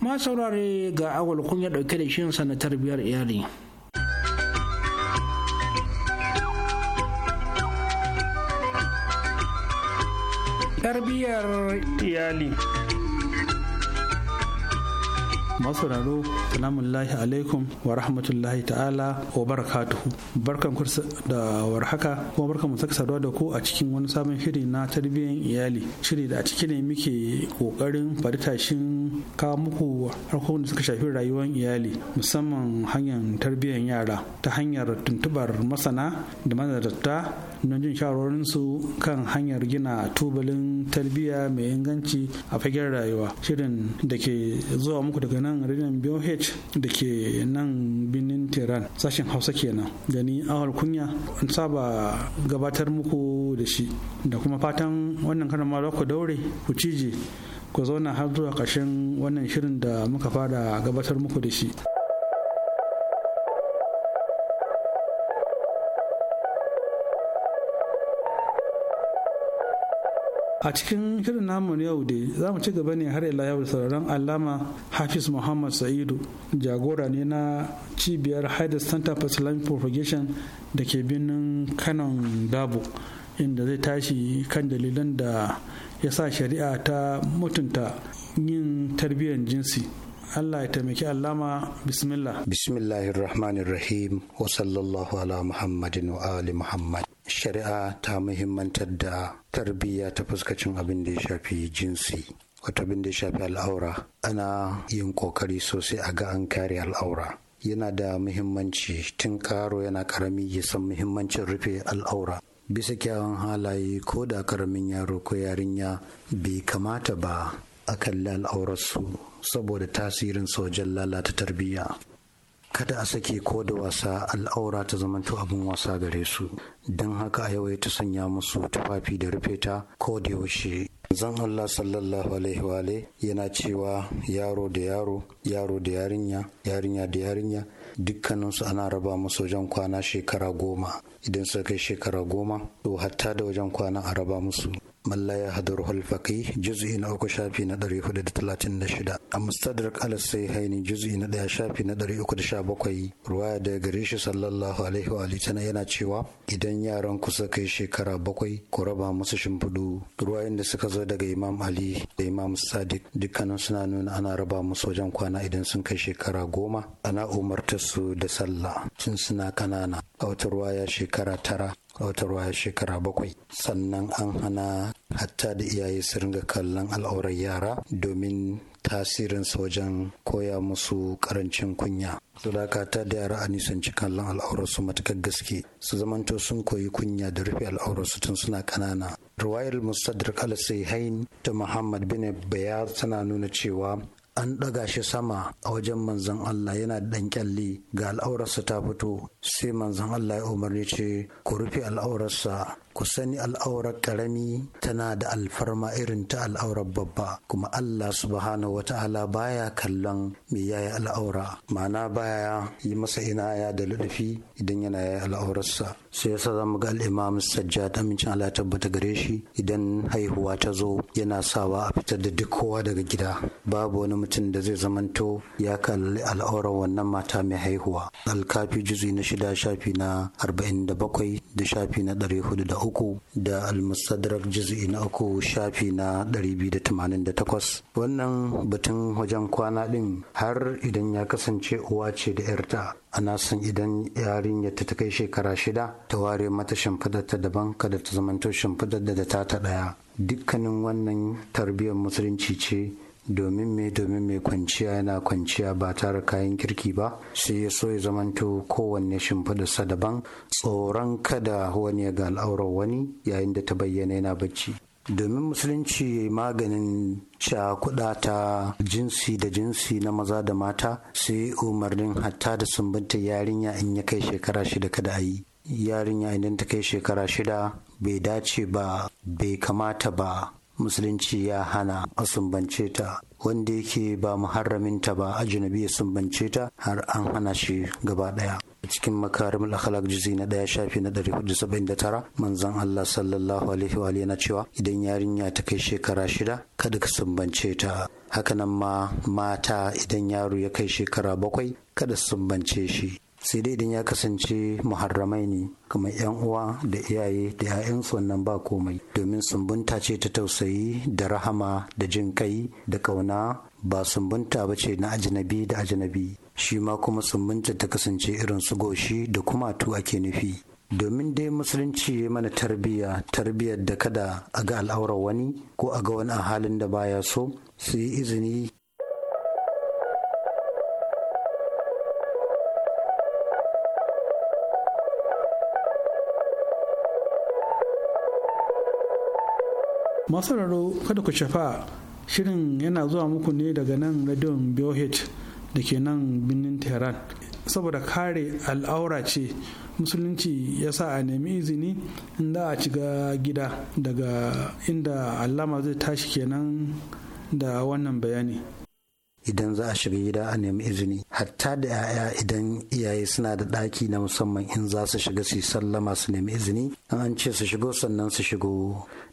ma saurare ga awal kun ya dauke da shirin sa na iyali tarbiyyar iyali masu raro salamun lahi alaikum wa rahmatullahi ta'ala wa barakatuhu barkan ku da warhaka kuma barkan mu saka saduwa da ku a cikin wani sabon shiri na tarbiyyar iyali shiri da a ciki ne muke kokarin faritashin kawo muku harkokin da suka shafi rayuwar iyali musamman hanyar tarbiyyar yara ta hanyar tuntubar masana da manzarta don jin shawarorinsu kan hanyar gina tubalin tarbiyya mai inganci a fagen rayuwa shirin da ke zuwa muku daga nan rediyon BOH da ke nan Binin Tehran sashen Hausa kenan da ni awal kunya in saba gabatar muku da shi da kuma fatan wannan karan ma ku daure ku cije ku zauna har zuwa ƙarshen wannan shirin da muka fara gabatar muku da shi. a cikin shirin namu yau da za mu ci gaba ne har ila yau da sauraron allama hafiz muhammad sa'idu jagora ne na cibiyar haida center for islamic propagation da ke birnin kanon dabo inda zai tashi kan dalilan da ya sa shari'a ta mutunta yin tarbiyyar jinsi Allah ya taimaki allama bismillah. Bismillahirrahmanirrahim wa sallallahu ala Muhammadin wa ali Muhammad. shari'a ta muhimmantar da tarbiyya ta fuskacin abin da ya shafi jinsi wata abin da ya shafi al'aura ana yin kokari sosai a ga an kare al'aura yana da muhimmanci tun karo yana karami ya san muhimmancin rufe al'aura bisa kyawun halaye ko da karamin yaro ko yarinya bai kamata ba a kalli al'aurarsu saboda tasirin sojan lalata tarbiyya kada a sake ko da wasa al'aura ta zamanto abin wasa gare su don haka a yawai ta sanya musu tufafi da rufe ta ko da yaushe zan Allah sallallahu alaihi wa yana cewa yaro da yaro yaro da yarinya yarinya da yarinya dukkaninsu ana raba musu wajen kwana shekara goma idan suka kai shekara goma to hatta da wajen kwana a raba musu malla ya hadar hulfaƙi juz'i na uku shafi na ɗari hudu da talatin da shida a mustadrak al haini juz'i na ɗaya shafi na ɗari uku da sha bakwai ruwaya da gare shi sallallahu alaihi wa tana yana cewa idan yaran kusa kai shekara bakwai ku raba musu shimfiɗu ruwayan da suka zo daga imam ali da imam sadiq dukkanin suna nuna ana raba musu wajen kwana idan sun kai shekara goma ana umartar su da sallah tun suna kanana a wata ruwaya shekara tara wata shekara bakwai sannan an hana hatta da iyaye su ringa kallon al'aurar yara domin tasirin wajen koya musu karancin kunya sadaka ta da yara a nisanci kallon su matakar gaske su zamanto sun koyi kunya da rufe al'aurarsu tun suna ƙanana ruwayar mustadrak al hain ta muhammad bin bayar tana nuna cewa an ɗaga shi sama a wajen manzon Allah yana ɗan ƙyalli ga al'aurarsa ta fito sai manzon Allah ya umarni ce ku rufe al'aurarsa ku sani al'aurar karami tana da alfarma irin ta al'aurar babba kuma Allah subhanahu wa ta'ala baya kallon me yayi al'aura ma'ana baya yi masa ina ya da ludufi idan yana yayi al'aurarsa sai yasa zamu ga al'imam imam Sajjad amincin Allah tabbata gare shi idan haihuwa ta zo yana sawa a fitar da duk kowa daga gida babu wani mutum da zai zamanto ya kalli al'aurar wannan mata mai haihuwa alkafi juzi na shida shafi na arba'in da bakwai da shafi na ɗari hudu da uku da almustadrak juz'i na uku shafi na ɗari biyu tamanin da takwas wannan batun wajen kwana din har idan ya kasance uwa ce da yarta ana son idan yarinyar ta kai shekara shida ta ware mata shimfidar ta daban kada ta zamanto shimfidar da ta ta ɗaya dukkanin wannan tarbiyyar musulunci ce domin me domin mai kwanciya yana kwanciya ba tare kayan kirki ba sai ya so ya zamanto kowanne shimfidarsa daban tsoron kada wani ya ga al'aurar wani yayin da ta bayyana yana bacci domin musulunci maganin cakuɗa ta jinsi da jinsi na maza da mata sai umarnin hatta da sumbanta yarinya in ya kai shekara shida kada a yi yarinya idan ta kai shekara shida bai dace ba bai kamata ba musulunci ya hana a sumbance ta wanda yake ba muharramin ta ba a janabi ya sumbance ta har an hana shi gaba daya cikin makarim akhlaq juzi na daya shafi na ɗari hudu saba'in da tara manzon Allah sallallahu alaihi wa na cewa idan yarinya ta kai shekara shida kada ka sumbance ta hakanan ma mata idan yaro ya kai shekara bakwai kada sumbance shi sai dai idan ya kasance muharramai ne kamar yan uwa da iyaye da 'ya'yansu wannan ba komai domin sumbunta ce ta tausayi da rahama da jin kai da kauna ba sumbunta ba ce na ajinabi da ajinabi shi ma kuma sumbunta ta kasance irin su goshi da kumatu ake nufi domin dai musulunci mana tarbiyya tarbiyyar da kada a ga al'aurar wani ko a ga wani a halin da baya so su yi izini masararo kada ku shafa shirin yana zuwa muku ne daga nan radion biohit da ke nan birnin tehran saboda kare al'aura ce musulunci ya sa a nemi izini inda a shiga gida daga inda allama zai tashi kenan da wannan bayani idan za a shiga gida a nemi izini hatta da 'ya'ya idan iyaye suna da ɗaki na musamman in za su shiga su sallama su nemi izini an ce su shigo sannan su shigo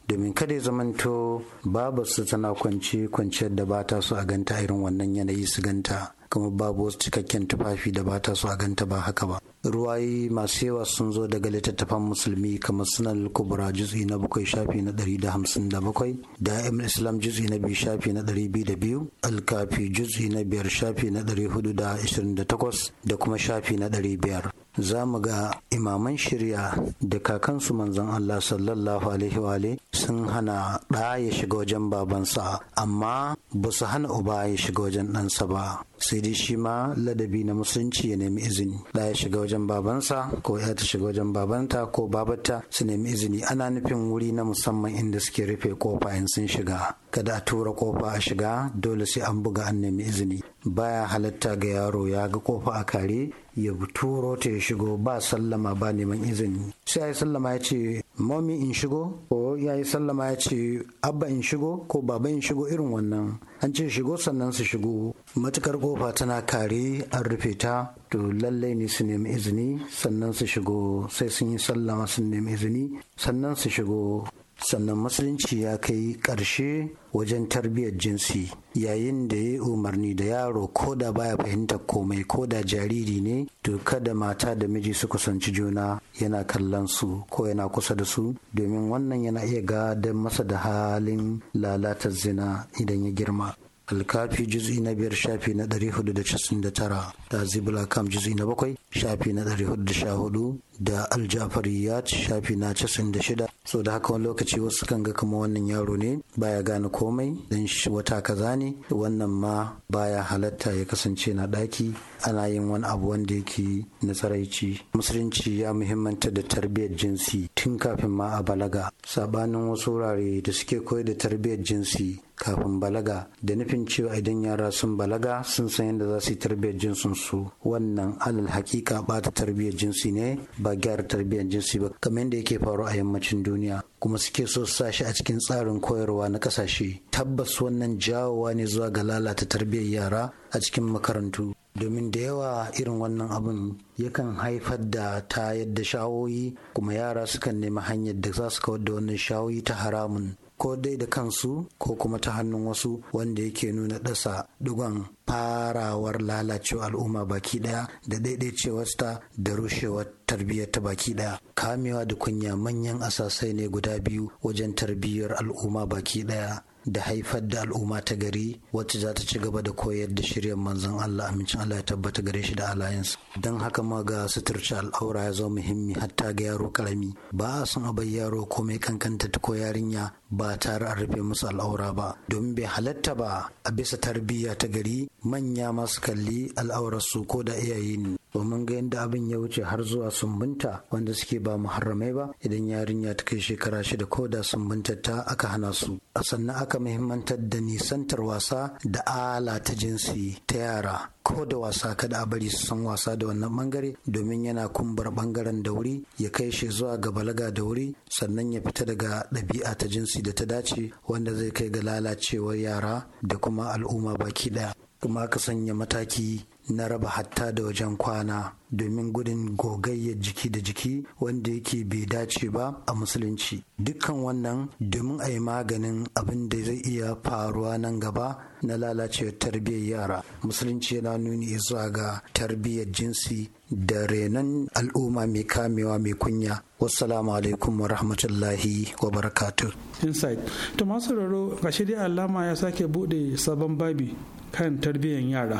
domin kada ya zamanto babu su tana kwanci kwanciyar da ba ta so a ganta irin wannan yanayi su ganta kuma babu wasu cikakken tufafi da ba ta so a ganta ba haka ba ruwayi masu yawa sun zo daga littattafan musulmi kamar sunan kubra juz'i na bakwai shafi na ɗari da hamsin da bakwai da islam juz'i na biyu shafi na ɗari biyu da biyu alkafi juz'i na biyar shafi na ɗari hudu da ashirin da takwas da kuma shafi na ɗari biyar za mu ga imaman shirya da kakansu manzon Allah sallallahu alaihi wa sun hana ɗa ya shiga wajen babansa amma ba su hana uba ya shiga wajen ɗansa ba sai dai shi ma ladabi na musulunci ya nemi izini ɗa ya shiga wajen babansa ko ya ta shiga wajen babanta ko babata su nemi izini ana nufin wuri na musamman inda suke rufe kofa in sun shiga kada a tura kofa a shiga dole sai an buga an nemi izini baya halatta ga yaro ya ga kofa a kare ya turo ta ya shigo ba sallama ba neman izini sai ya yi sallama ya ce mami in shigo ko ya yi sallama ya ce abba in shigo ko baba in shigo irin wannan an ce shigo sannan su shigo matukar kofa tana kare an rufe ta to lallai ne su nemi izini sannan su shigo sai sun yi sallama sun nemi izini sannan su shigo sannan musulunci ya kai ƙarshe wajen tarbiyyar jinsi yayin da ya umarni da yaro ko da baya fahimta komai ko da jariri ne to kada mata da miji su kusanci juna yana kallon su ko yana kusa da su domin wannan yana iya gadon masa da halin lalatar zina idan ya girma alkafi juz'i na biyar shafi na 499 da zibula kam juz'i na bakwai shafi na 414 da aljafariyat shafi na 96 da shida so da haka wani lokaci wasu kan ga kama wannan yaro ne baya gane komai dan shi wata kaza ne wannan ma baya halatta ya kasance na ɗaki ana yin wani abu wanda yake na tsaraici musulunci ya muhimmanta da tarbiyyar jinsi tun kafin ma a balaga sabanin wasu wurare da suke koyar da tarbiyyar jinsi kafin balaga da nufin cewa idan yara sun balaga sun san yadda za su yi tarbiyyar jinsin su wannan alal hakika ba ta tarbiyyar jinsi ne ba gyara tarbiyyar jinsi ba kamar yadda yake faru a yammacin duniya kuma suke so su shi a cikin tsarin koyarwa na kasashe tabbas wannan jawowa ne zuwa ga lalata tarbiyyar yara a cikin makarantu domin da yawa irin wannan abun yakan haifar da ta yadda shawoyi kuma yara sukan nemi hanyar da za su kawar da wannan shawoyi ta haramun ko dai da kansu ko kuma ta hannun wasu wanda yake nuna dasa dugon farawar lalacewa al'umma baki ɗaya da daidaicewarta da rushewar tarbiyyar ta baki ɗaya. kamewa da kunya manyan asasai ne guda biyu wajen tarbiyyar al'umma baki ɗaya da haifar da al'umma ta gari wacce za ta ci gaba da koyar da shirya manzon Allah amincin Allah ya tabbata gare shi da alayansa don haka ma ga suturci al'aura ya zama muhimmi hatta ga yaro karami ba a son a bai yaro komai kankanta ko yarinya ba tare an rufe musu al'aura ba domin bai halatta ba a bisa tarbiyya ta gari manya masu kalli al'aurarsu ko da iyaye ne domin ga yadda abin ya wuce har zuwa sumbunta wanda suke ba muharramai ba idan yarinya ta kai shekara shida ko da sumbunta ta aka hana su a sannan aka muhimmantar da nisantar wasa da ala ta jinsi ta yara ko da wasa kada a bari su san wasa da wannan bangare domin yana kumbar bangaren da wuri ya kai shi zuwa ga balaga da wuri sannan ya fita daga ɗabi'a ta jinsi da ta dace wanda zai kai ga lalacewar yara da kuma al'umma baki ɗaya kuma ka sanya mataki na raba hatta da wajen kwana domin gudun gogayyar jiki da jiki wanda yake bai dace ba a musulunci dukkan wannan domin a yi maganin abin da zai iya faruwa nan gaba na lalacewar tarbiyyar yara musulunci yana nuni zuwa ga tarbiyyar jinsi da renon al'umma mai kamewa mai kunya wassalamu alaikum wa rahmatullahi wa barakatu insight to masu raro ga dai alama ya sake bude sabon babi kan tarbiyyar yara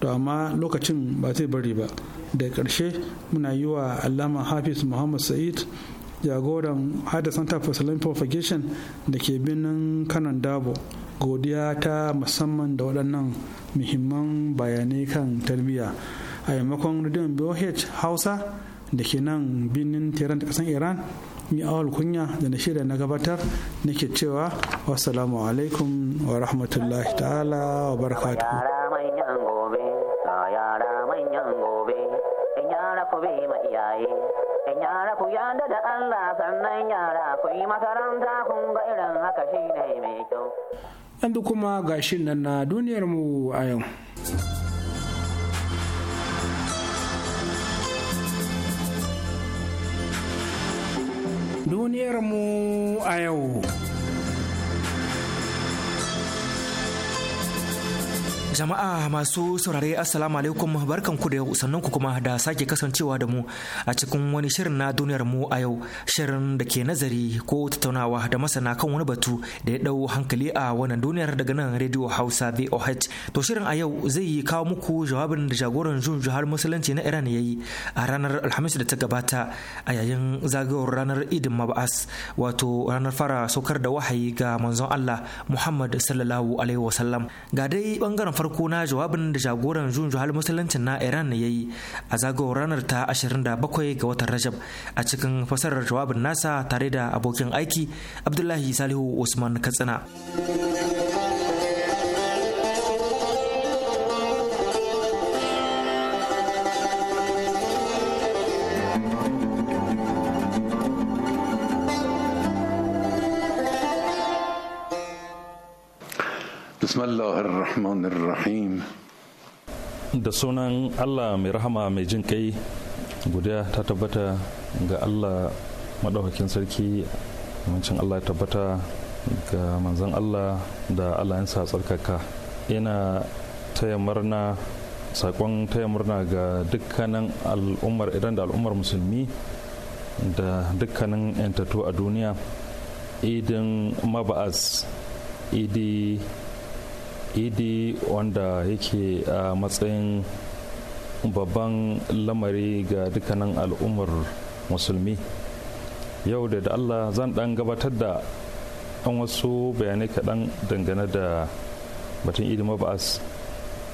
to amma lokacin ba zai bari ba da ƙarshe muna yi wa alama hafiz muhammad sa'id jagoran hada center for salon propagation da ke birnin kanan dabo godiya ta musamman da waɗannan muhimman bayanai kan tarbiyya a yammakon rediyon boh hausa da ke nan birnin tehran da ƙasar iran ni awal kunya da na shirya na gabatar nake cewa wasu alaikum wa rahmatullahi ta'ala wa barakatuhu ku ma iyaye in yara ku yanda da Allah sannan yara ku yi makaranta kun ga irin haka ne mai kyau yanzu kuma gashin nan na duniyar mu a yau duniyarmu a yau. Jama'a masu saurare Assalamu alaikum barkan ku da yau sannan ku kuma da sake kasancewa da mu a cikin wani shirin na duniyar mu a yau shirin da ke nazari ko tattaunawa da masana kan wani batu da ya dau hankali a wannan duniyar daga nan Radio Hausa VOH to shirin a yau zai yi kawo muku jawabin da jagoran jun jihar musulunci na Iran yayi a ranar Alhamis da ta gabata a yayin zagayowar ranar Idin Mab'as wato ranar fara saukar da wahayi ga manzon Allah Muhammad sallallahu alaihi wasallam ga dai bangaren farko farko na jawabin da jagoran jun juhal musuluncin na iran ya yi a zagawar ranar ta 27 ga watan rajab a cikin fasarar jawabin nasa tare da abokin aiki abdullahi salihu usman katsina بسم الله الرحمن الرحيم da sunan Allah mai rahama mai jin kai guda ta tabbata ga Allah maɗaukakin sarki amincin Allah ya tabbata ga manzan Allah da Allah yansa tsarkaka ina taya murna sakon taya murna ga dukkanin al'ummar idan da al'ummar musulmi da dukkanin 'yantattu a duniya idin maba'as idi idi wanda yake a matsayin babban lamari ga dukkanin al'ummar musulmi yau da da allah zan dan gabatar da an wasu bayanai kaɗan dangane da batun idi maba'as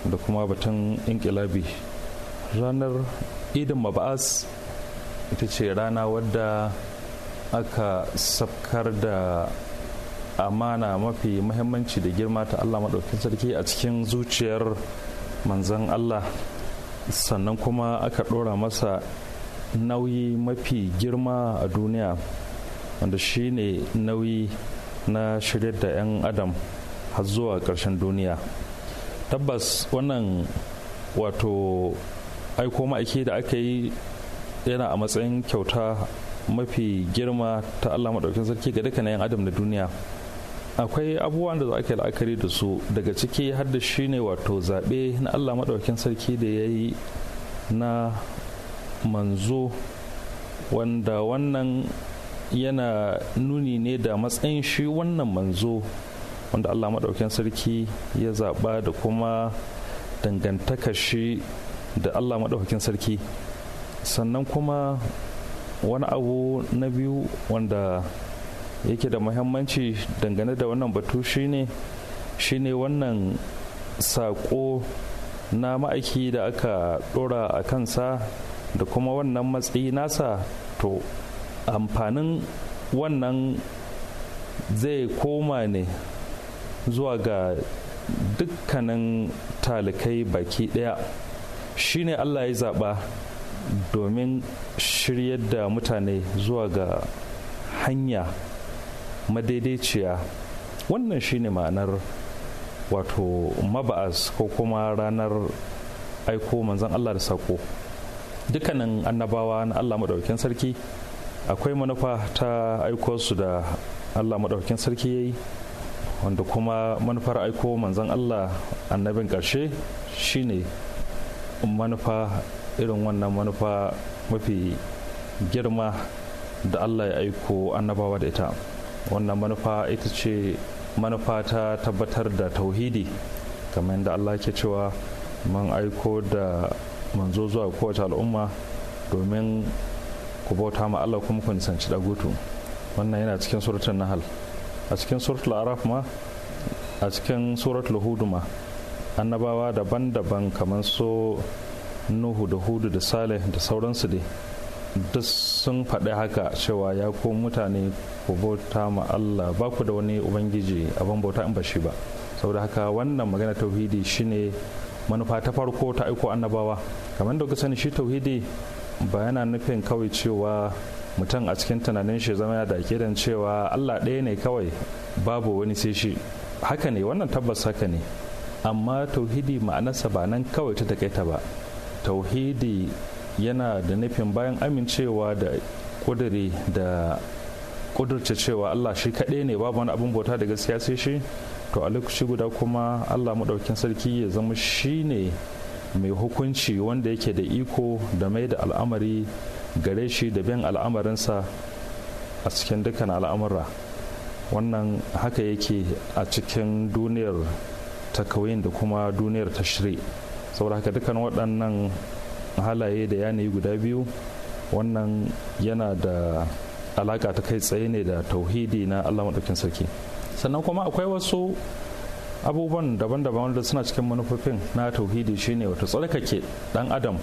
da kuma batun inkilabi ranar idin maba'as ita ce rana wadda aka safkar da amana mafi mahimmanci da girma ta allah maɗaukin sarki a cikin zuciyar manzan allah sannan kuma aka ɗora masa nauyi mafi girma a duniya wanda shi ne nauyi na shirya da 'yan adam har zuwa ƙarshen duniya tabbas wannan wato aiko ma'aiki da aka yi yana a matsayin kyauta mafi girma ta allah maɗaukin sarki ga dukkanin 'yan adam na duniya akwai abubuwan da za ake la'akari da su daga ciki har da shi ne wato zaɓe na allah maɗaukin sarki da ya yi na manzo wanda wannan yana nuni ne da matsayin shi wannan manzo wanda allah maɗaukin sarki ya zaɓa da kuma dangantaka shi da allah maɗaukin sarki sannan kuma wani abu na biyu wanda yake da muhimmanci dangane da wannan batu shine shine wannan saƙo na ma'aiki da aka ɗora a kansa da kuma wannan matsayi nasa to amfanin wannan zai koma ne zuwa ga dukkanin talikai baki ɗaya shine allah ya zaba domin shiryar da mutane zuwa ga hanya madaidaiciya wannan shine ma'anar wato maba'as ko kuma ranar aiko manzan Allah da sako dukkanin annabawa na Allah maɗaukin sarki akwai manufa ta aiko su da Allah maɗaukin sarki ya yi wanda kuma manufar aiko manzon Allah annabin ƙarshe shine manufa irin wannan manufa mafi girma da Allah ya aiko annabawa da ita wannan manufa ita ce manufa ta tabbatar da tauhidi kamar yadda allah ke cewa mun aiko da manzo zuwa kowace al'umma domin ku bauta ma allah kuma ku nisanci dagutu wannan yana cikin suratul nahal a cikin suratul araf ma a cikin suratul hudu ma annabawa daban-daban kamar so nuhu da hudu da saleh da sauransu dai duk sun faɗi haka cewa ya ko mutane ku bauta ma Allah ba ku da wani ubangiji abin bauta in ba shi ba saboda haka wannan magana tauhidi shine manufa ta farko ta aiko annabawa kamar da sani shi tauhidi ba yana nufin kawai cewa mutum a cikin tunanin shi zama ya da dan cewa Allah ɗaya ne kawai babu wani sai shi haka ne wannan tabbas haka ne amma tauhidi ma'anarsa ba nan kawai ta takaita ba tauhidi yana da nufin bayan amincewa da kudure da kudurce cewa allah shi kaɗai ne babu wani abin bauta da gaskiya shi to a lokaci guda kuma allah maɗaukin sarki ya zama shi ne mai hukunci wanda yake da iko da mai da al'amari gare shi da bin al'amarinsa a cikin dukkan al'amura wannan haka yake a cikin duniyar takawin da kuma duniyar ta tashri saboda haka dukkan waɗannan halaye da yanayi guda biyu wannan yana da alaka ta kai tsaye ne da tauhidi na allah maɗaukin sarki sannan kuma akwai wasu abubuwan daban-daban wanda suna cikin manufofin na tauhidi shine wata tsarkake ɗan adam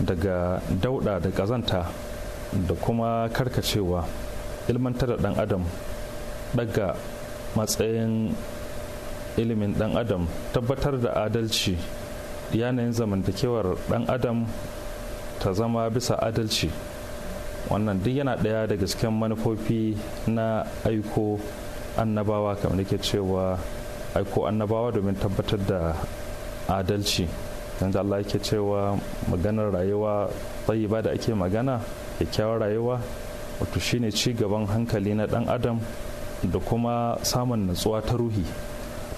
daga dauɗa da ƙazanta da kuma karkacewa ilmantar da dan adam daga matsayin ilimin ɗan adam tabbatar da adalci yanayin zamantakewar dan adam ta zama bisa adalci wannan duk yana ɗaya daga cikin manufofi na aiko annabawa kamar da ke cewa aiko annabawa domin tabbatar da adalci yanzu Allah yake cewa maganar rayuwa tsayiba da ake magana kyakkyawar rayuwa wato shine ci gaban hankali na dan adam da kuma samun natsuwa ta ruhi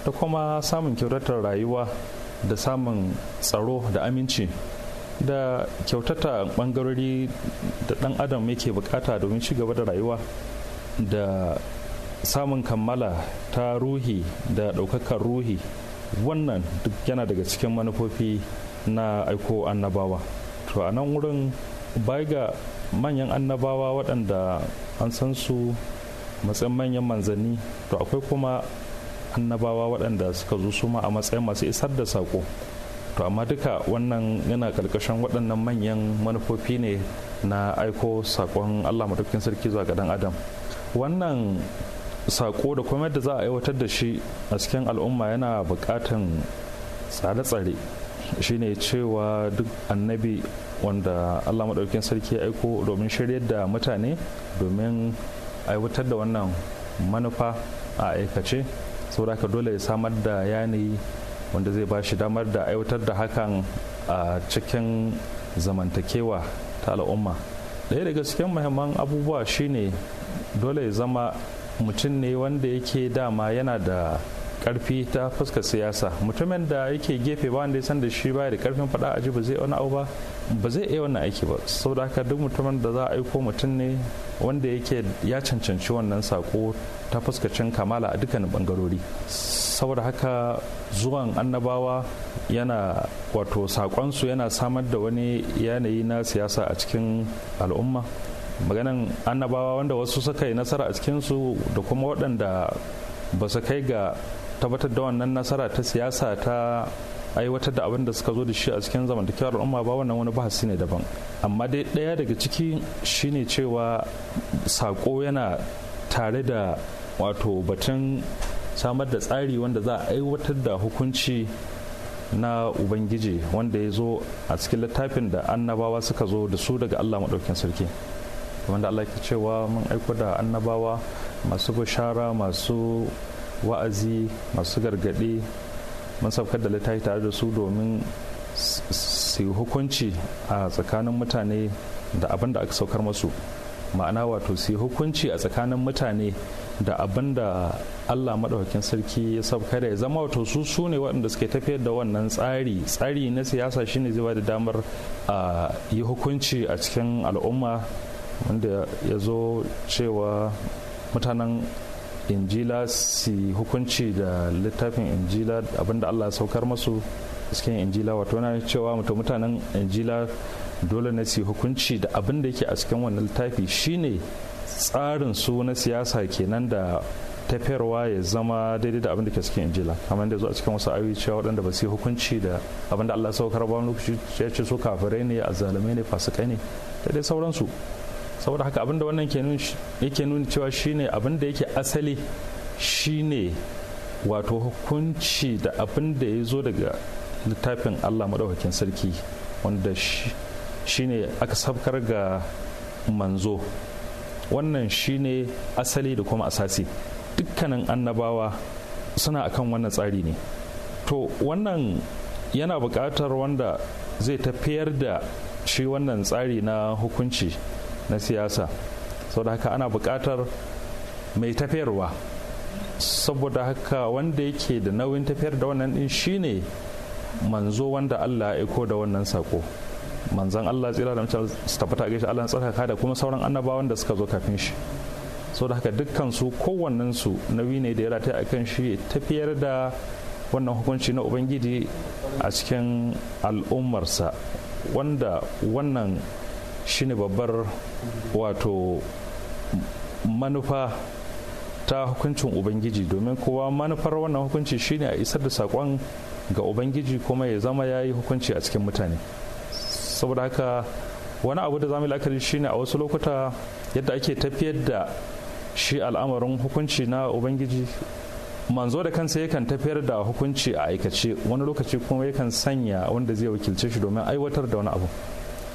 ta kuma samun kyautatar rayuwa da samun tsaro da aminci da kyautata bangarori da dan adam yake bukata domin ci gaba da rayuwa da samun kammala ta ruhi da daukakar ruhi wannan duk yana daga cikin manufofi na aiko annabawa to a nan wurin bai ga manyan annabawa waɗanda an san su matsayin manyan manzanni to akwai kuma annabawa waɗanda suka zo su ma a matsayin masu isar da sako to amma duka wannan yana karkashin waɗannan manyan manufofi ne na aiko sakon allah madaukakin sarki zuwa ga adam wannan sako da kuma yadda za a aiwatar da shi a cikin al'umma yana buƙatan tsare-tsare shine cewa duk annabi wanda allah maɗaukin sarki ya aiko domin shiryar da mutane domin aiwatar da wannan manufa a aikace saboda dole ya samar da yanayi wanda zai ba shi damar da aiwatar da hakan a cikin zamantakewa ta al'umma ɗaya daga cikin muhimman abubuwa shine dole ya zama mutum ne wanda yake dama yana da karfi ta fuskar siyasa mutumin da yake gefe ba wanda ya san da shi baya da karfin faɗa aji ba zai wani ba ba zai iya wannan aiki ba saboda haka duk mutumin da za a aiko mutum ne wanda yake ya cancanci wannan sako ta fuskacin kamala a dukkanin bangarori saboda haka zuwan annabawa yana wato sakonsu yana samar da wani yanayi na siyasa a cikin al'umma maganan annabawa wanda wasu suka yi nasara a cikinsu da kuma waɗanda ba su kai ga tabbatar da wannan nasara ta siyasa ta aiwatar da abin da suka zo da shi a cikin zamantakewar al'umma ba wannan wani bahasi ne daban amma dai ɗaya daga ciki shine cewa sako yana tare da wato batun samar da tsari wanda za a aiwatar da hukunci na ubangiji wanda ya zo a cikin littafin da annabawa suka zo da su daga allah maɗaukin sarki wanda allah ke cewa mun aiko da annabawa masu bishara masu wa'azi masu gargaɗi masaukar da littafi tare da su domin su hukunci a tsakanin mutane da abin da aka saukar masu ma'ana wato su hukunci a tsakanin mutane da abin da allah maɗaukakin sarki ya saukar ya zama wato su su ne waɗanda suke tafiyar da wannan tsari tsari na siyasa shine zai ba da damar a yi hukunci a cikin al'umma wanda ya zo cewa mutanen injila su hukunci da littafin injila abinda allah ya saukar masu cikin injila wato na cewa mutum mutanen injila dole ne su hukunci da abin da yake a cikin wannan littafi shine tsarin su na siyasa kenan da tafiyarwa ya zama daidai da abin da ke cikin injila amma da zuwa cikin wasu ayoyi cewa waɗanda ba su hukunci da abin da Allah saukar ba lokaci ya ce su kafirai ne azzalumai ne fasikai ne da dai sauransu saboda haka abinda wannan yake nuni cewa shine abinda yake asali shine wato hukunci da abinda ya zo daga littafin allah maɗaukakin sarki wanda shine aka sabkar ga manzo wannan shine asali da kuma asasi dukkanin annabawa suna akan wannan tsari ne to wannan yana buƙatar wanda zai tafiyar da shi wannan tsari na hukunci na siyasa saboda haka ana buƙatar mai tafiyarwa saboda haka wanda yake da nauyin tafiyar da wannan din shine manzo wanda Allah ya aiko da wannan sako manzan Allah tsira da mutum su a gaishe Allah tsarkaka da kuma sauran annabawan da suka zo kafin shi saboda haka dukkan su kowannen su nauyi ne da ya rataya kan shi tafiyar da wannan hukunci na ubangiji a cikin al'ummarsa wanda wannan shine babbar wato manufa ta hukuncin ubangiji domin kowa manufar wannan hukunci shine a isar da sakon ga ubangiji kuma ya zama ya yi hukunci a cikin mutane saboda haka wani abu da zamu la'akari shine a wasu lokuta yadda ake tafiyar da shi al'amarin hukunci na ubangiji manzo da kansa yakan tafiyar da hukunci a aikace wani lokaci kuma yakan sanya wanda zai wakilce shi domin aiwatar da wani abu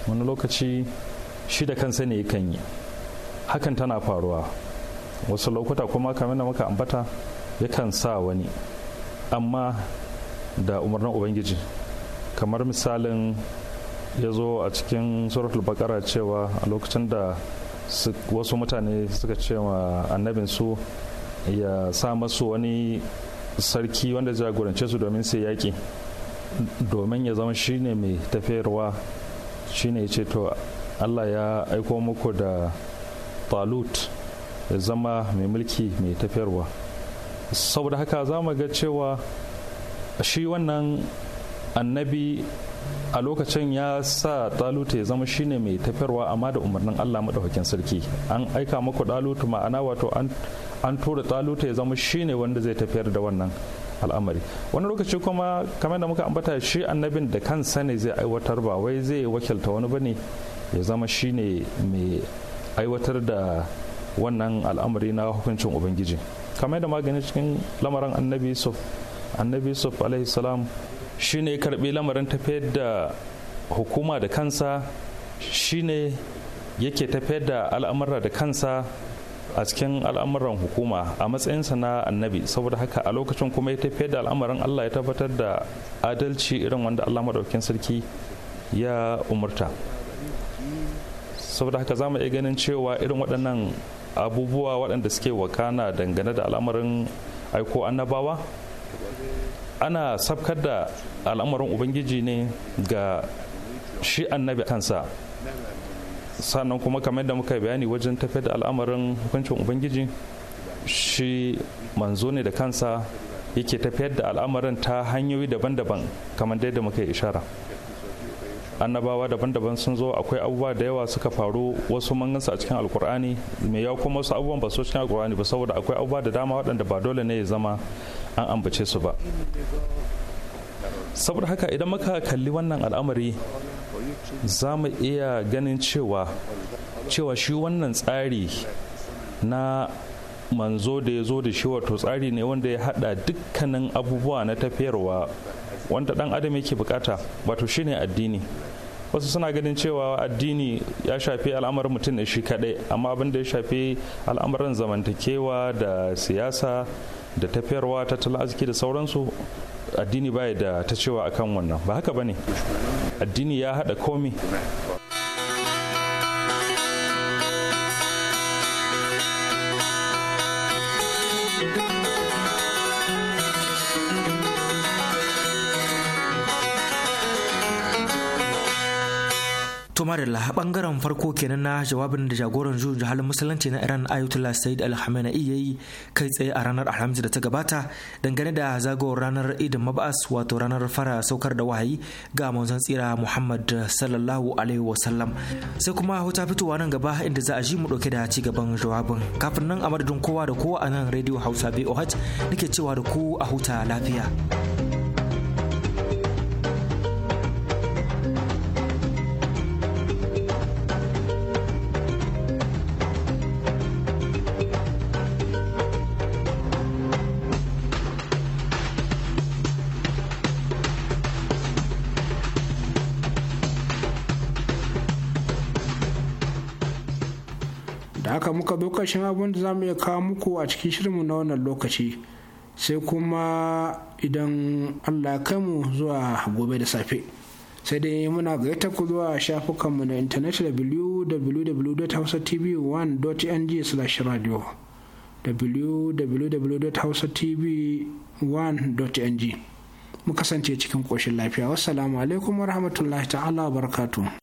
wani lokaci shi da kansa ne yakan yi hakan tana faruwa wasu lokuta kuma kamar da muka ambata yakan sa wani amma da umarnin ubangiji kamar misalin ya zo a cikin suratul bakara cewa a lokacin da wasu mutane suka ce wa annabin su ya sa masu wani sarki wanda jagorance su domin sai yaƙi domin ya zama shine mai tafiyarwa shine ce to allah ya aiko muku da talut ya zama mai mulki mai tafiyarwa saboda haka za mu ga cewa shi wannan annabi a lokacin ya sa taluta ya zama shine mai tafiyarwa amma da umarnin allah maɗaukakin sarki an aika muku talut ma'ana wato an tura taluta ya zama shine wanda zai tafiyar da wannan al'amari wani lokaci kuma kamar da muka ambata shi annabin da kansa ne zai aiwatar ba wai zai wakilta wani bane ya zama shi ne mai aiwatar da wannan al'amari na hukuncin ubangiji kamar da magani cikin lamarin annabi yusuf annabi yusuf alaihi salam shi ne karbi lamarin tafiyar da hukuma da kansa shi ne yake tafiyar da al'amura da kansa a cikin al'amuran hukuma a matsayinsa na annabi saboda haka a lokacin kuma ya tafiyar da al'amarin allah ya tabbatar da adalci irin wanda allah maɗaukin sarki ya umurta saboda haka za mu iya ganin cewa irin waɗannan abubuwa waɗanda suke wakana dangane da al'amarin aiko annabawa ana sabkar da al'amarin ubangiji ne ga shi annabi kansa sannan kuma kamar da muka bayani wajen tafiyar da al'amarin hukuncin ubangiji shi manzo ne da kansa yake tafiyar da al'amarin ta hanyoyi daban-daban kamar dai da muka ishara annabawa daban-daban sun zo akwai abubuwa da yawa suka faru wasu mangansa a cikin alkur'ani mai ya kuma wasu abubuwan ba su cikin alkur'ani ba saboda akwai abubuwa da dama waɗanda ba dole ne ya zama an ambace su ba saboda haka idan muka kalli wannan al'amari za mu iya ganin cewa cewa shi wannan tsari na manzo da ya zo da shi wato tsari ne wanda ya hada dukkanin abubuwa na tafiyarwa wanda dan adam yake bukata wato shine addini wasu suna ganin cewa addini ya shafi al'amarin mutum ne shi kadai amma abin da ya shafi al'amarin zamantakewa da siyasa da tafiyarwa tattalin arziki da sauransu addini baya da ta cewa akan wannan ba haka bane addini ya hada komi To Marilla, bangaren farko kenan na jawabin da jagoran juyin jihar musulunci na Iran Ayatollah Said al khamenei ya yi kai tsaye a ranar Alhamis da ta gabata dangane da zagawar ranar Idin Mab'as wato ranar fara saukar da wahayi ga manzon tsira Muhammad sallallahu alaihi wasallam. Sai kuma huta fitowa nan gaba inda za a ji mu dauke da ci gaban jawabin. Kafin nan a madadin kowa da kowa a nan Radio Hausa BOH nake cewa da ku a huta lafiya. muka zo ƙarshen abin da za mu iya kawo muku a cikin shirinmu na wannan lokaci sai kuma idan allah kai mu zuwa gobe da safe sai dai muna gaita ku zuwa shafukanmu na intanet www.hausatv1.ng/radio www.hausatv1.ng mu kasance cikin koshin lafiya wassalamu alaikum warahmatullahi ta'ala barakatu